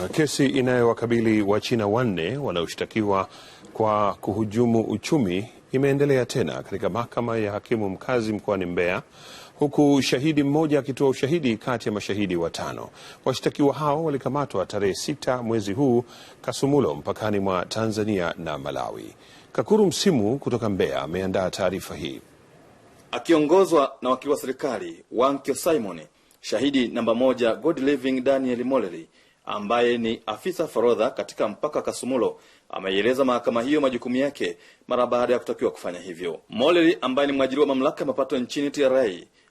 Naam, kesi inayowakabili Wachina wanne wanaoshtakiwa kwa kuhujumu uchumi imeendelea tena katika mahakama ya hakimu mkazi mkoani Mbeya, huku shahidi mmoja akitoa ushahidi kati ya mashahidi watano. Washtakiwa hao walikamatwa tarehe sita mwezi huu Kasumulo, mpakani mwa Tanzania na Malawi. Kakuru Msimu kutoka Mbeya ameandaa taarifa hii akiongozwa na wakili wa serikali Wankyo Simon. Shahidi namba moja God Living Daniel Moleri ambaye ni afisa forodha katika mpaka Kasumulo ameieleza mahakama hiyo majukumu yake mara baada ya kutakiwa kufanya hivyo. Moleli ambaye ni mwajiri wa mamlaka ya mapato nchini TRA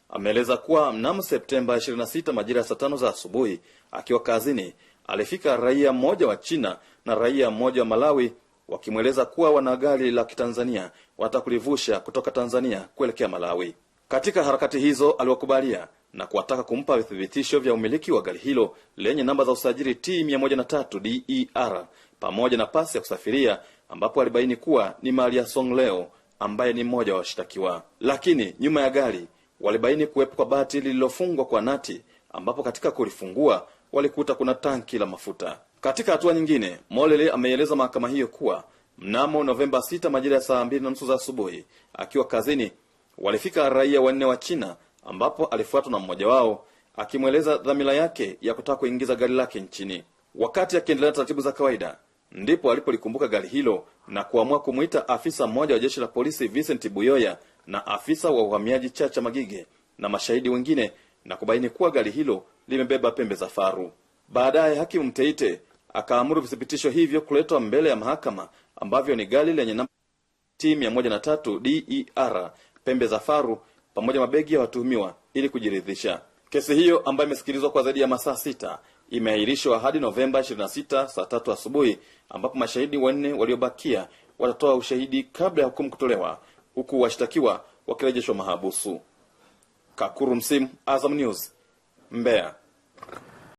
ameeleza kuwa mnamo Septemba 26 majira ya saa tano za asubuhi akiwa kazini alifika raia mmoja wa China na raia mmoja wa Malawi wakimweleza kuwa wana gari la Kitanzania watakulivusha kutoka Tanzania kuelekea Malawi. Katika harakati hizo aliwakubalia na kuwataka kumpa vithibitisho vya umiliki wa gari hilo lenye namba za usajili T 13 DER pamoja na pasi ya kusafiria, ambapo alibaini kuwa ni mali ya Songleo ambaye ni mmoja wa washtakiwa. Lakini nyuma ya gari walibaini kuwepo kwa bati lililofungwa kwa nati, ambapo katika kulifungua walikuta kuna tanki la mafuta. Katika hatua nyingine, Molele ameieleza mahakama hiyo kuwa mnamo Novemba 6 majira ya saa 2 na nusu za asubuhi, akiwa kazini, walifika raia wanne wa China ambapo alifuatwa na mmoja wao akimweleza dhamira yake ya kutaka kuingiza gari lake nchini. Wakati akiendelea na taratibu za kawaida, ndipo alipolikumbuka gari hilo na kuamua kumwita afisa mmoja wa jeshi la polisi Vincent Buyoya na afisa wa uhamiaji Chacha Magige na mashahidi wengine na kubaini kuwa gari hilo limebeba pembe za faru. Baadaye hakimu Mteite akaamuru vithibitisho hivyo kuletwa mbele ya mahakama ambavyo ni gari lenye namba t 13 DER pembe za faru pamoja mabegi ya watuhumiwa ili kujiridhisha. Kesi hiyo ambayo imesikilizwa kwa zaidi ya masaa sita imeahirishwa hadi Novemba 26 saa tatu asubuhi, ambapo mashahidi wanne waliobakia watatoa ushahidi kabla ya hukumu kutolewa, huku washtakiwa wakirejeshwa mahabusu. Kakuru Msimu, Azam News,